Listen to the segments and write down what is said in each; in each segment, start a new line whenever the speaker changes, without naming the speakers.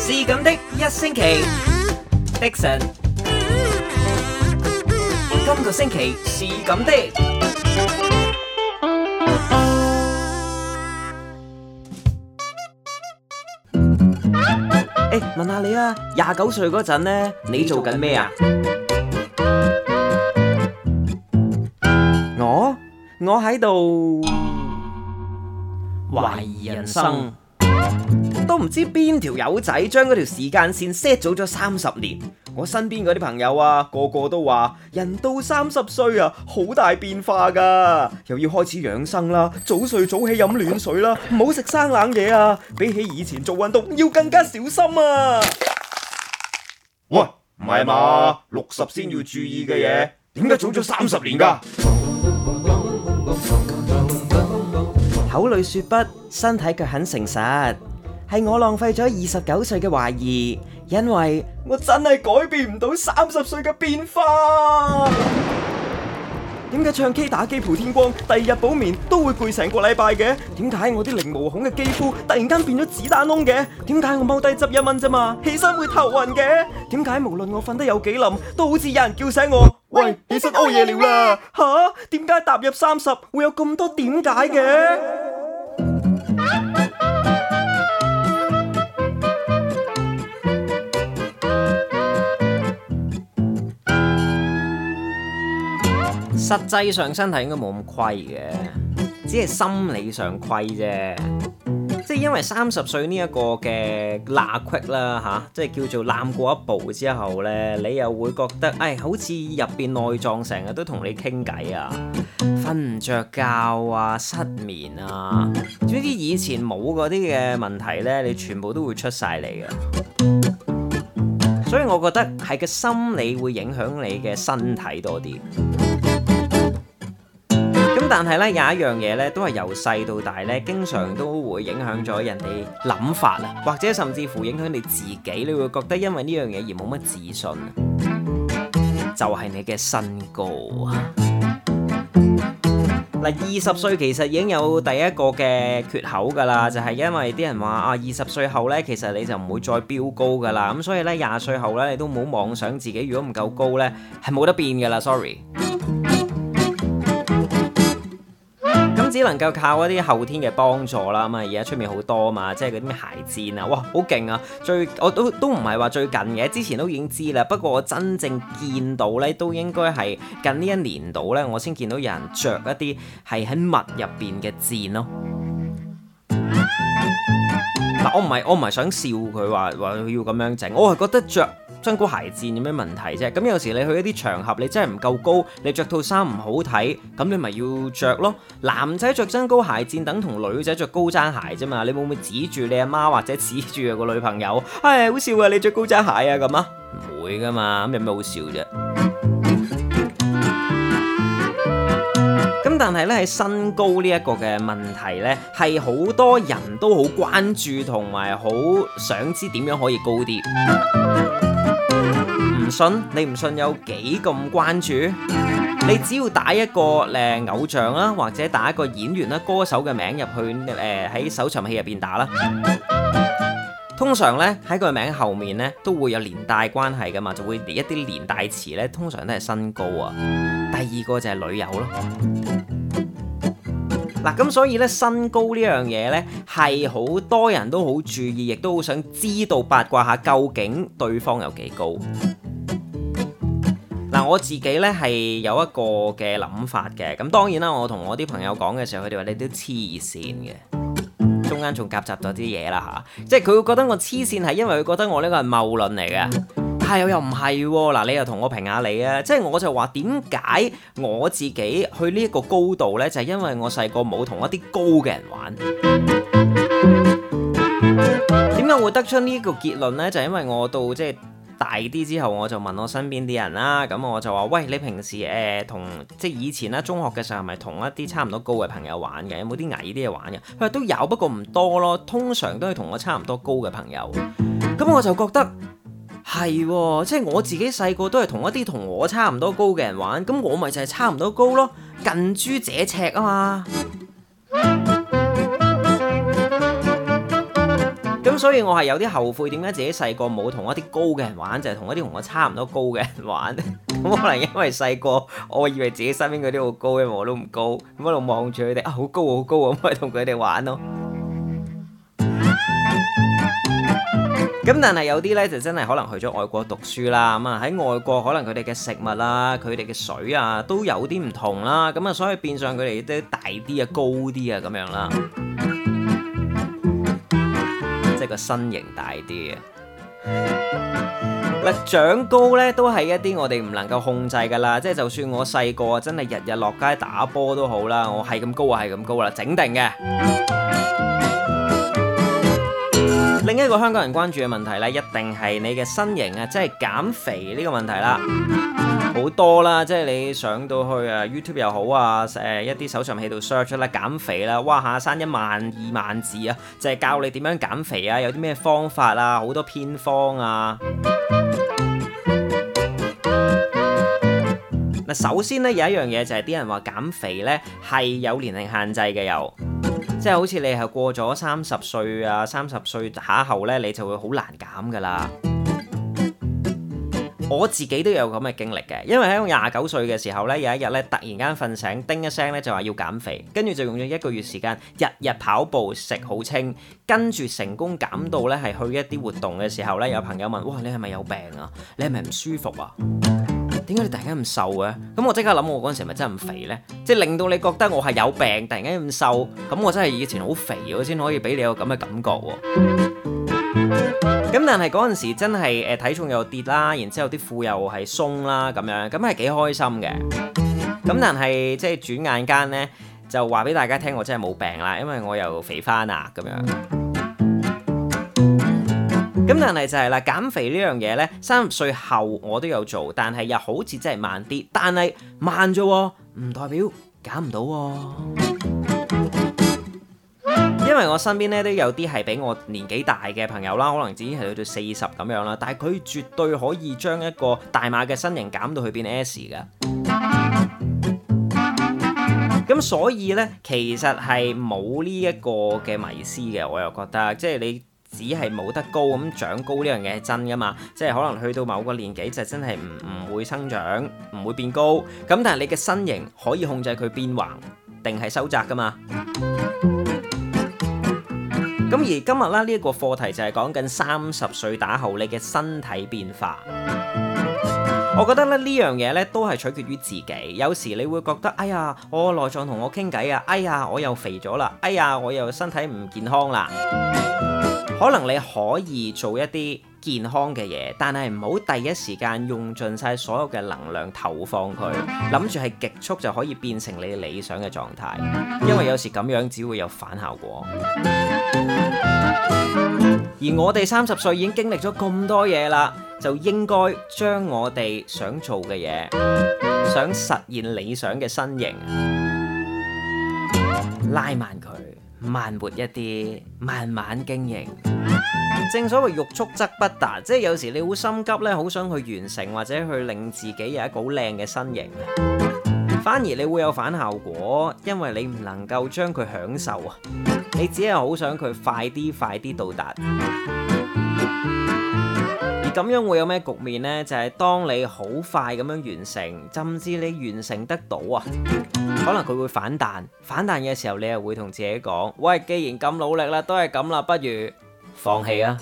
是咁的一星期，Dixon，今個星期是咁的。誒，問下你啊，廿九歲嗰陣咧，你做緊咩啊？我，我喺度懷疑人生。都唔知邊條友仔將嗰條時間線 set 早咗三十年。我身邊嗰啲朋友啊，個個都話人到三十歲啊，好大變化噶，又要開始養生啦，早睡早起飲暖水啦，唔好食生冷嘢啊。比起以前做運動，要更加小心啊。喂，唔係嘛？六十先要注意嘅嘢，點解早咗三十年噶？口裏說不，身體卻很誠實。係我浪費咗二十九歲嘅懷疑，因為我真係改變唔到三十歲嘅變化。點解唱 K 打機蒲天光，第二日補眠都會攰成個禮拜嘅？點解我啲零毛孔嘅肌膚突然間變咗子彈窿嘅？點解我踎低執一蚊啫嘛，起身會頭暈嘅？點解無論我瞓得有幾冧，都好似有人叫醒我？喂，起身屙夜尿啦？吓？點解踏入三十會有咁多點解嘅？實際上身體應該冇咁虧嘅，只係心理上虧啫。即係因為三十歲呢一個嘅壓虧啦吓，即係叫做攬過一步之後呢，你又會覺得誒、哎，好似入邊內臟成日都同你傾偈啊，瞓唔着覺啊，失眠啊，總之以前冇嗰啲嘅問題呢，你全部都會出晒嚟嘅。所以我覺得係個心理會影響你嘅身體多啲。但係咧，有一樣嘢咧，都係由細到大咧，經常都會影響咗人哋諗法啊，或者甚至乎影響你自己，你會覺得因為呢樣嘢而冇乜自信，就係你嘅身高啊！嗱， 二十歲其實已經有第一個嘅缺口噶啦，就係因為啲人話啊，二十歲後咧，其實你就唔會再飆高噶啦，咁所以咧，廿歲後咧，你都唔好妄想自己如果唔夠高咧，係冇得變噶啦，sorry。只能夠靠一啲後天嘅幫助啦嘛，而家出面好多嘛，即係嗰啲咩鞋墊啊，哇，好勁啊！最我都都唔係話最近嘅，之前都已經知啦。不過我真正見到呢，都應該係近呢一年度呢。我先見到有人着一啲係喺襪入邊嘅墊咯。嗱， 我唔係，我唔係想笑佢話話佢要咁樣整，我係覺得着。增高鞋墊有咩問題啫？咁有時你去一啲場合，你真係唔夠高，你着套衫唔好睇，咁你咪要着咯。男仔着增高鞋墊等同女仔着高踭鞋啫嘛。你會唔會指住你阿媽或者指住個女朋友？唉，好笑啊！你着高踭鞋啊咁啊，唔會㗎嘛。咁有咩好笑啫？咁 但係咧，喺身高呢一個嘅問題呢，係好多人都好關注同埋好想知點樣可以高啲。信你唔信有幾咁關注？你只要打一個誒、呃、偶像啦，或者打一個演員啦、歌手嘅名入去誒喺、呃、搜尋器入邊打啦。通常呢，喺個名後面呢，都會有連帶關係噶嘛，就會嚟一啲連帶詞呢，通常都係身高啊。第二個就係女友咯。嗱，咁所以呢，身高呢樣嘢呢，係好多人都好注意，亦都好想知道八卦下究竟對方有幾高。我自己呢係有一個嘅諗法嘅，咁當然啦，我同我啲朋友講嘅時候，佢哋話你都黐線嘅，中間仲夾雜咗啲嘢啦吓、啊，即係佢會覺得我黐線係因為佢覺得我呢個係謬論嚟嘅，但係又又唔係喎，嗱、啊、你又同我評，評下你啊，即係我就話點解我自己去呢一個高度呢？就係、是、因為我細個冇同一啲高嘅人玩，點解會得出呢一個結論呢？就係、是、因為我到即係。大啲之後，我就問我身邊啲人啦，咁我就話：喂，你平時誒、欸、同即係以前啦，中學嘅時候係咪同一啲差唔多高嘅朋友玩嘅？有冇啲矮啲嘅玩嘅？佢話都有，不過唔多咯。通常都係同我差唔多高嘅朋友。咁我就覺得係、哦，即係我自己細個都係同一啲同我差唔多高嘅人玩。咁我咪就係差唔多高咯，近朱者赤啊嘛。所以我係有啲後悔，點解自己細個冇同一啲高嘅人玩，就係、是、同一啲同我差唔多高嘅人玩。咁 可能因為細個，我以為自己身邊嗰啲好高因為我都唔高，咁一路望住佢哋，啊好高好、啊、高、啊，咁可以同佢哋玩咯、啊。咁 但係有啲呢，就真係可能去咗外國讀書啦。咁啊喺外國，可能佢哋嘅食物啦啊、佢哋嘅水啊都有啲唔同啦。咁啊，所以變相佢哋都大啲啊、高啲啊咁樣啦。身形大啲嘅。嗱，長高呢都係一啲我哋唔能夠控制㗎啦，即係就算我細個真係日日落街打波都好啦，我係咁高啊，係咁高啦，整定嘅。另一個香港人關注嘅問題呢，一定係你嘅身形啊，即係減肥呢個問題啦。好多啦，即係你上到去啊 YouTube 又好啊，誒、呃、一啲搜尋器喺度 search 啦，減肥啦，哇下山一萬二萬字啊，即、就、係、是、教你點樣減肥啊，有啲咩方法啊，好多偏方啊。嗱， 首先呢，有一樣嘢就係啲人話減肥呢係有年齡限制嘅，又即係好似你係過咗三十歲啊，三十歲下後呢，你就會好難減㗎喇。我自己都有咁嘅經歷嘅，因為喺我廿九歲嘅時候呢，有一日呢，突然間瞓醒，叮一聲呢，就話要減肥，跟住就用咗一個月時間，日日跑步，食好清，跟住成功減到呢，係去一啲活動嘅時候呢，有朋友問：「哇，你係咪有病啊？你係咪唔舒服啊？點解你突然間咁瘦嘅？咁我即刻諗，我嗰陣時咪真係咁肥呢，即係令到你覺得我係有病，突然間咁瘦，咁我真係以前好肥，我先可以俾你有咁嘅感覺喎。咁但係嗰陣時真係誒、呃、體重又跌啦，然之後啲褲又係鬆啦咁樣，咁係幾開心嘅。咁但係即係轉眼間呢，就話俾大家聽我真係冇病啦，因為我又肥翻啦咁樣。咁但係就係啦，減肥呢樣嘢呢，三十歲後我都有做，但係又好似真係慢啲。但係慢咗，唔代表減唔到。因為我身邊咧都有啲係比我年紀大嘅朋友啦，可能只係去到四十咁樣啦，但係佢絕對可以將一個大碼嘅身形減到去變 S 噶。咁 所以呢，其實係冇呢一個嘅迷思嘅，我又覺得，即係你只係冇得高，咁長高呢樣嘢係真噶嘛？即係可能去到某個年紀就真係唔唔會生長，唔會變高。咁但係你嘅身形可以控制佢變橫定係收窄噶嘛？ 咁而今日咧呢一個課題就係講緊三十歲打後你嘅身體變化。我覺得咧呢樣嘢咧都係取決於自己。有時你會覺得，哎呀，我內臟同我傾偈啊，哎呀，我又肥咗啦，哎呀，我又身體唔健康啦。可能你可以做一啲健康嘅嘢，但係唔好第一時間用盡晒所有嘅能量投放佢，諗住係極速就可以變成你理想嘅狀態，因為有時咁樣只會有反效果。而我哋三十歲已經經歷咗咁多嘢啦，就應該將我哋想做嘅嘢，想實現理想嘅身形，拉慢佢。慢活一啲，慢慢經營。正所謂欲速則不達，即係有時你會心急呢，好想去完成，或者去令自己有一個好靚嘅身形。反而你會有反效果，因為你唔能夠將佢享受啊，你只係好想佢快啲快啲到達。咁樣會有咩局面呢？就係當你好快咁樣完成，甚至你完成得到啊，可能佢會反彈。反彈嘅時候，你又會同自己講：喂，既然咁努力啦，都係咁啦，不如放棄啊。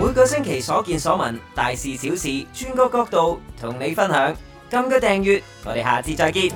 每個星期所見所聞，大事小事，轉個角度同你分享。撳個訂閱，我哋下次再見。